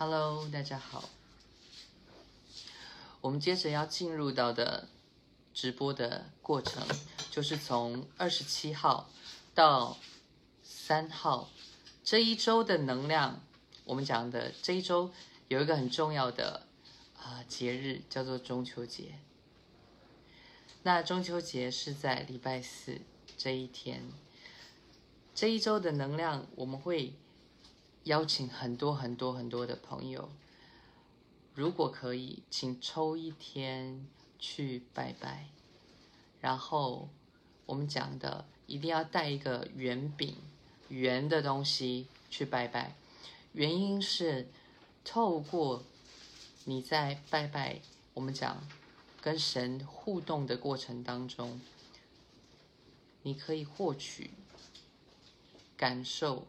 Hello，大家好。我們接着要進入到的直播的過程，就是從二十七號到三號這一周的能量。我們講的這一周有一個很重要的啊、呃、節日，叫做中秋節。那中秋節是在禮拜四這一天。這一周的能量，我們會，邀請很多很多很多的朋友，如果可以，請抽一天去拜拜。然後，我們講的一定要帶一個圓餅、圓的東西去拜拜，原因是透過你在拜拜，我們講跟神互動的過程當中，你可以獲取感受。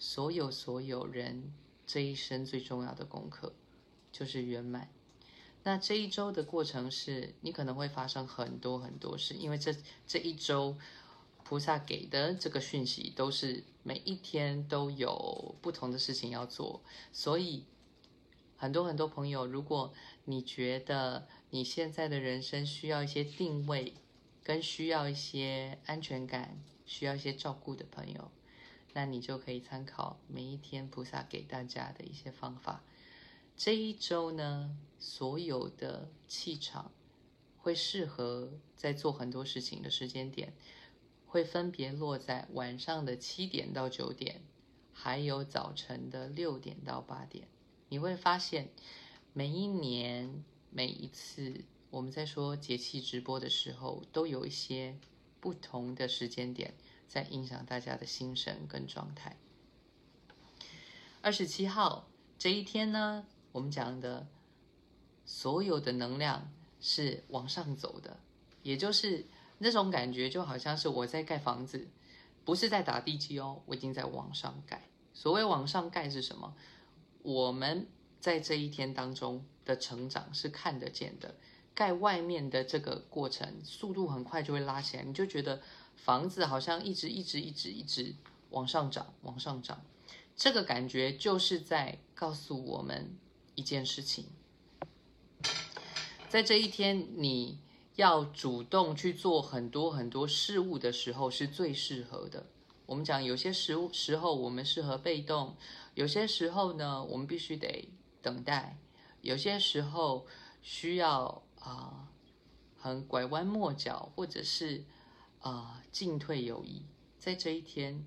所有所有人這一生最重要的功課，就是圓滿。那這一周的過程是，你可能會發生很多很多事，因為這這一周菩薩給的這個訊息都是每一天都有不同的事情要做，所以很多很多朋友，如果你覺得你現在的人生需要一些定位，跟需要一些安全感，需要一些照顧的朋友，那你就可以參考每一天菩薩給大家的一些方法。這一周呢，所有的氣場會適合在做很多事情的時間點，會分別落在晚上的七點到九點，還有早晨的六點到八點。你會發現，每一年，每一次，我們在說節氣直播的時候，都有一些不同的時間點。在影響大家的心神跟狀態。二十七號這一天呢，我們講的所有的能量是往上走的，也就是那種感覺，就好像是我在蓋房子，不是在打地基哦，我已經在往上蓋。所謂往上蓋是什麼？我們在這一天當中的成長是看得見的，蓋外面的這個過程，速度很快就會拉起來，你就覺得。房子好像一直一直一直一直往上漲，往上漲，這個感覺就是在告訴我們一件事情，在這一天你要主動去做很多很多事物的時候是最適合的。我們講有些時時候我們適合被動，有些時候呢我們必須得等待，有些時候需要啊，呃，很拐彎抹角，或者是。啊，進退有儀，在這一天，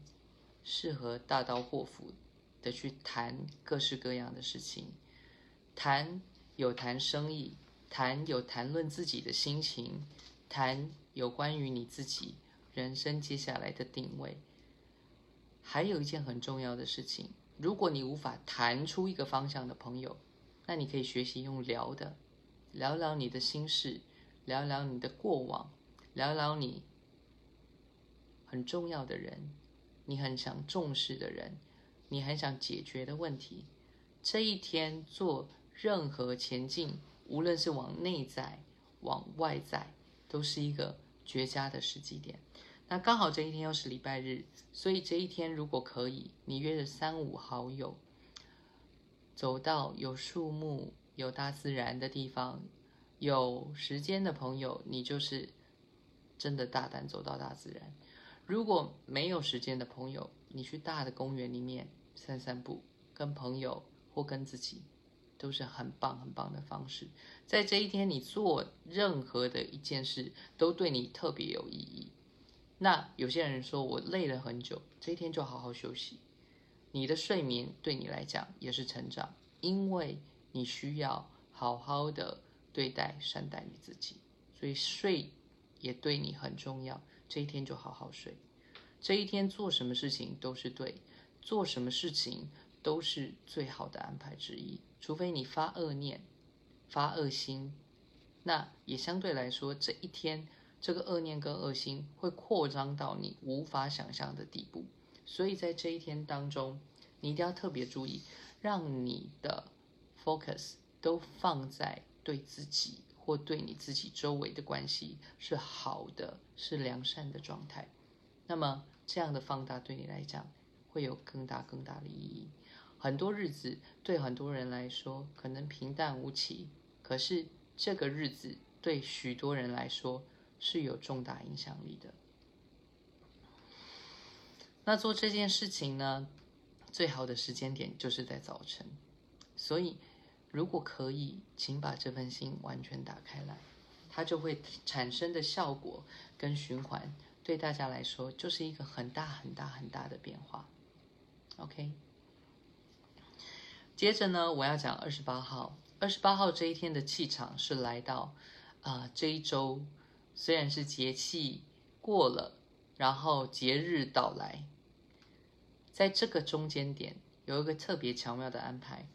適合大刀闊斧的去談各式各樣的事情，談有談生意，談有談論自己的心情，談有關於你自己人生接下來的定位。還有一件很重要的事情，如果你無法談出一個方向的朋友，那你可以學習用聊的，聊聊你的心事，聊聊你的過往，聊聊你。很重要的人，你很想重視的人，你很想解決的問題，這一天做任何前進，無論是往內在、往外在，都是一個絕佳的時機點。那剛好這一天又是禮拜日，所以這一天如果可以，你約着三五好友，走到有樹木、有大自然的地方，有時間的朋友，你就是真的大膽走到大自然。如果沒有時間的朋友，你去大的公園裡面散散步，跟朋友或跟自己，都是很棒很棒的方式。在這一天，你做任何的一件事，都對你特別有意義。那有些人說我累了很久，這一天就好好休息。你的睡眠對你來講也是成長，因為你需要好好的對待善待你自己，所以睡也對你很重要。這一天就好好睡，這一天做什麼事情都是對，做什麼事情都是最好的安排之一。除非你發惡念、發噁心，那也相對來說，這一天這個惡念跟噁心會擴張到你無法想象的地步。所以在這一天當中，你一定要特別注意，讓你的 focus 都放在對自己。或對你自己周圍的關係是好的，是良善的狀態，那麼這樣的放大對你來講會有更大更大的意義。很多日子對很多人來說可能平淡無奇，可是這個日子對許多人來說是有重大影響力的。那做這件事情呢，最好的時間點就是在早晨，所以。如果可以，請把這份心完全打開來，它就會產生的效果跟循環，對大家來說就是一個很大很大很大的變化。OK。接着呢，我要講二十八號。二十八號這一天的氣場是來到，啊、呃，這一周雖然是節氣過了，然後節日到來，在這個中間點有一個特別巧妙的安排。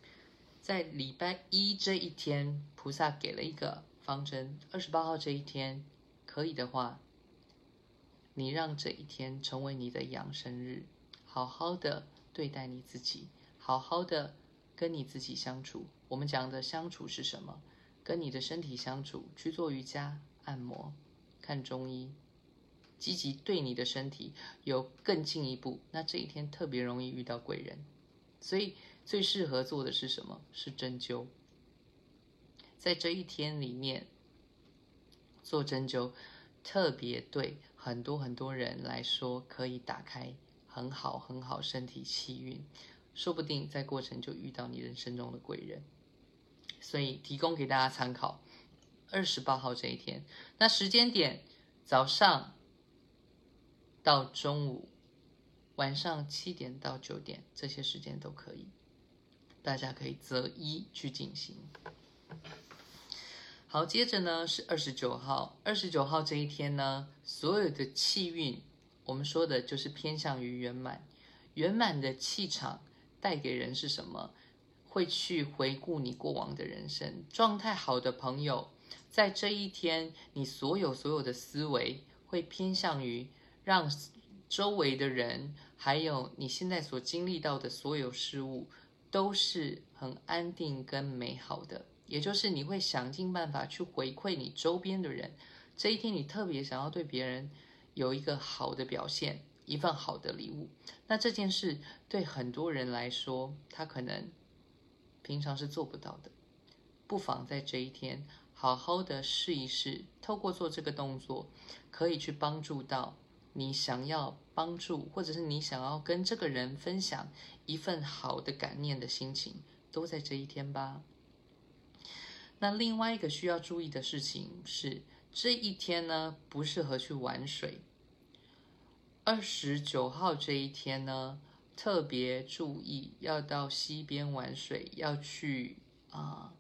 在禮拜一這一天，菩薩給了一個方針。二十八號這一天，可以的話，你讓這一天成為你的養生日，好好的對待你自己，好好的跟你自己相處。我們講的相處是什麼？跟你的身體相處，去做瑜伽、按摩、看中醫，積極對你的身體有更進一步。那這一天特別容易遇到貴人，所以。最適合做的是什麼？是針灸，在這一天裡面做針灸，特別對很多很多人來說可以打開很好很好身體氣運，說不定在過程就遇到你人生中的貴人，所以提供給大家參考。二十八號這一天，那時間點早上到中午，晚上七點到九點這些時間都可以。大家可以擇一去進行。好，接着呢，是二十九號。二十九號這一天呢，所有的氣運，我們說的就是偏向於圓滿。圓滿的氣場帶給人是什麼？會去回顧你過往的人生。狀態好的朋友，在這一天，你所有所有的思維會偏向於讓周圍的人，還有你現在所經歷到的所有事物。都是很安定跟美好的，也就是你會想盡辦法去回饋你周邊的人。這一天你特別想要對別人有一個好的表現，一份好的禮物。那這件事對很多人來說，他可能平常是做不到的，不妨在這一天好好的試一試。透過做這個動作，可以去幫助到。你想要幫助，或者是你想要跟這個人分享一份好的感念的心情，都在這一天吧。那另外一個需要注意的事情是，這一天呢，不適合去玩水。二十九號這一天呢，特別注意要到溪邊玩水，要去啊，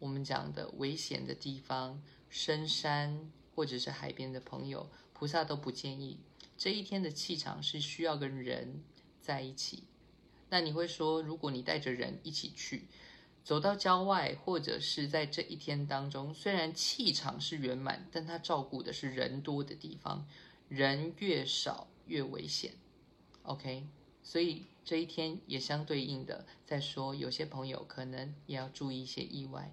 我們講的危險的地方，深山。或者是海邊的朋友，菩薩都不建議這一天的氣場是需要跟人在一起。那你會說，如果你帶着人一起去，走到郊外，或者是在這一天當中，雖然氣場是圓滿，但他照顧的是人多的地方，人越少越危險。OK，所以這一天也相對應的，在說有些朋友可能也要注意一些意外。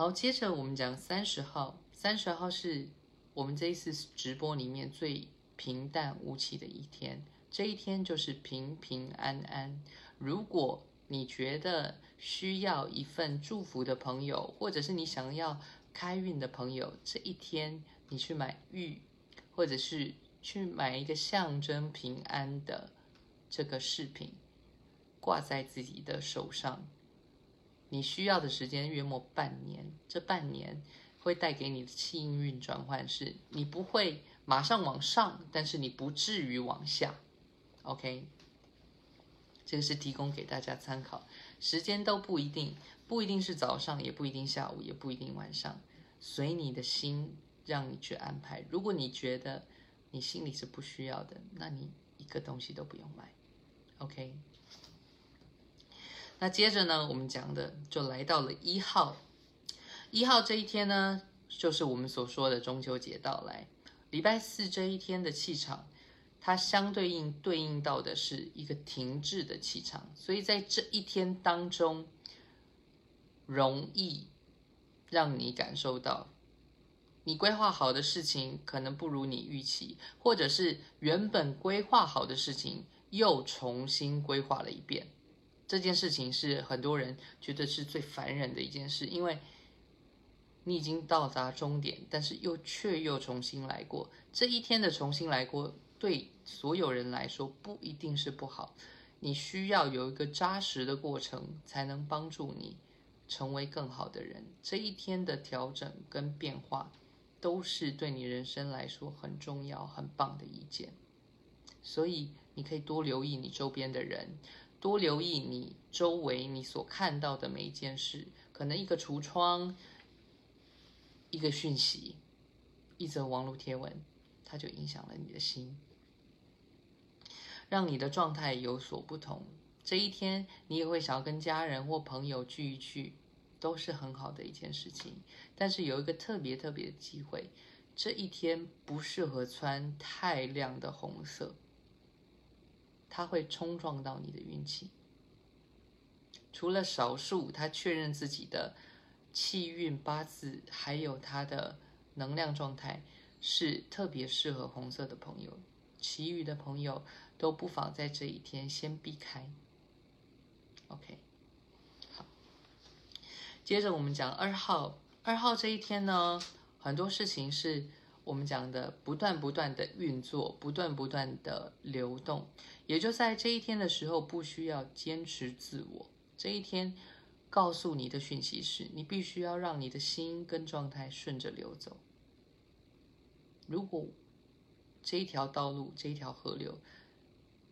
好，接着我們講三十號。三十號是我們這一次直播裡面最平淡無奇的一天。這一天就是平平安安。如果你覺得需要一份祝福的朋友，或者是你想要開運的朋友，這一天你去買玉，或者是去買一個象徵平安的這個飾品，掛在自己的手上。你需要的時間約莫半年，這半年會帶給你的幸運轉換是，你不會馬上往上，但是你不至於往下。OK，這個是提供給大家參考，時間都不一定，不一定是早上，也不一定下午，也不一定晚上，隨你的心，讓你去安排。如果你覺得你心裡是不需要的，那你一個東西都不用買。OK。那接着呢，我們講的就來到了一號，一號這一天呢，就是我們所說的中秋節到來。禮拜四這一天的氣場，它相對應對應到的是一個停滯的氣場，所以在這一天當中，容易讓你感受到，你規劃好的事情可能不如你預期，或者是原本規劃好的事情又重新規劃了一遍。這件事情是很多人覺得是最煩人的一件事，因為你已經到達終點，但是又卻又重新來過。這一天的重新來過，對所有人來說不一定是不好。你需要有一個扎實的過程，才能幫助你成為更好的人。這一天的調整跟變化，都是對你人生來說很重要、很棒的意見，所以你可以多留意你周邊的人。多留意你周圍，你所看到的每一件事，可能一個櫥窗、一個訊息、一則網絡貼文，它就影響了你的心，讓你的狀態有所不同。這一天，你也會想要跟家人或朋友聚一聚，都是很好的一件事情。但是有一個特別特別的機會，這一天不適合穿太亮的紅色。它會衝撞到你的運氣。除了少數，他確認自己的氣運八字，還有他的能量狀態是特別適合紅色的朋友，其餘的朋友都不妨在這一天先避開。OK，好。接着我們講二號，二號這一天呢，很多事情是我們講的不斷不斷的運作，不斷不斷的流動。也就在這一天的時候，不需要堅持自我。這一天告訴你的訊息是你必須要讓你的心跟狀態順着流走。如果這一條道路，這一條河流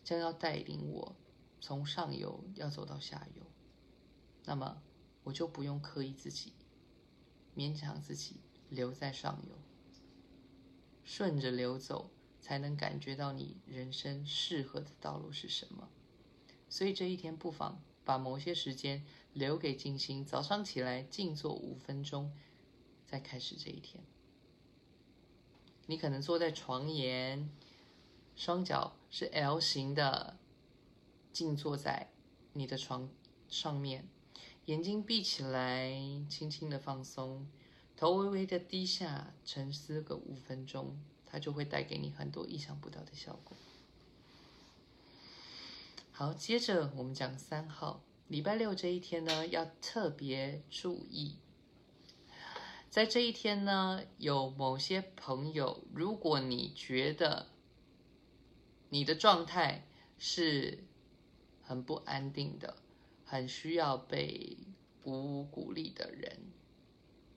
將要帶領我從上游要走到下游，那麼我就不用刻意自己勉強自己留在上游，順着流走。才能感覺到你人生適合的道路是什麼？所以這一天不妨把某些時間留給靜心。早上起來靜坐五分鐘，再開始這一天。你可能坐在床沿，雙腳是 L 型的，靜坐在你的床上面，眼睛閉起來，輕輕的放鬆，頭微微的低下，沉思個五分鐘。它就會帶給你很多意想不到的效果。好，接着我們講三號，禮拜六這一天呢，要特別注意。在這一天呢，有某些朋友，如果你覺得你的狀態是很不安定的，很需要被鼓舞鼓勵的人，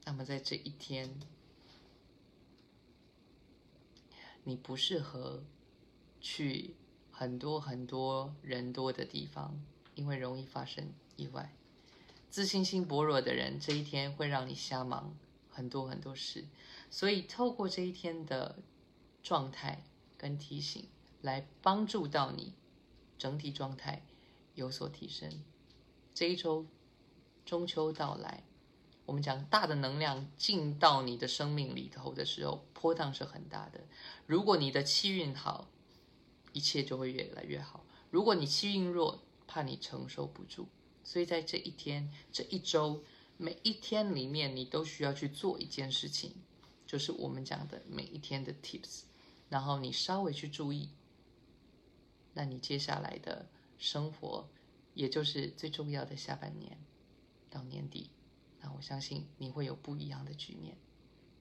那麼在這一天。你不適合去很多很多人多的地方，因為容易發生意外。自信心薄弱的人，這一天會讓你瞎忙很多很多事。所以，透過這一天的狀態跟提醒，來幫助到你整體狀態有所提升。這一周，中秋到來。我們講大的能量進到你的生命裡頭的時候，波動是很大的。如果你的氣運好，一切就會越來越好；如果你氣運弱，怕你承受不住。所以在這一天、這一周、每一天裡面，你都需要去做一件事情，就是我們講的每一天的 tips。然後你稍微去注意，那你接下來的生活，也就是最重要的下半年到年底。那我相信你會有不一樣的局面。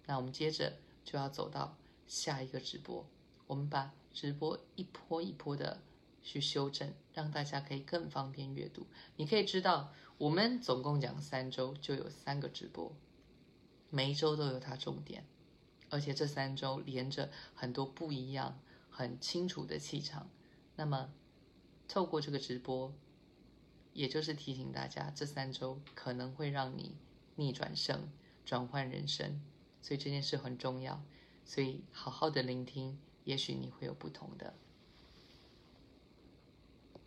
那我們接着就要走到下一個直播，我們把直播一波一波的去修正，讓大家可以更方便閱讀。你可以知道，我們總共講三周，就有三個直播，每一周都有它重點，而且這三周連着很多不一樣、很清楚的氣場。那麼，透過這個直播，也就是提醒大家，這三周可能會讓你逆轉勝，轉換人生，所以這件事很重要。所以好好的聆聽，也許你會有不同的。